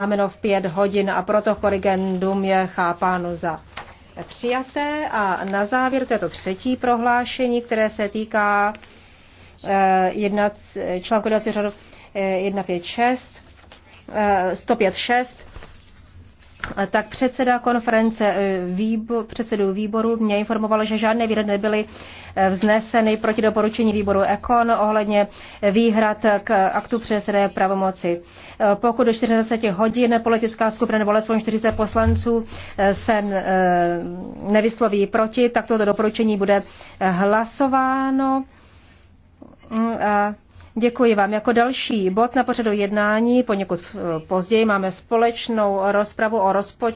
oznámeno v pět hodin a proto korrigendum je chápáno za přijaté. A na závěr této třetí prohlášení, které se týká eh, jedna, článku 156, 105.6, tak předseda konference eh, výbor, předsedů výboru mě informoval, že žádné výhrady nebyly eh, vzneseny proti doporučení výboru Econ ohledně výhrad k aktu předsedé pravomoci. Eh, pokud do 40 hodin politická skupina nebo alespoň 40 poslanců se nevysloví proti, tak toto doporučení bude hlasováno. Mm, a Děkuji vám. Jako další bod na pořadu jednání, poněkud eh, později máme společnou rozpravu o rozpočtu.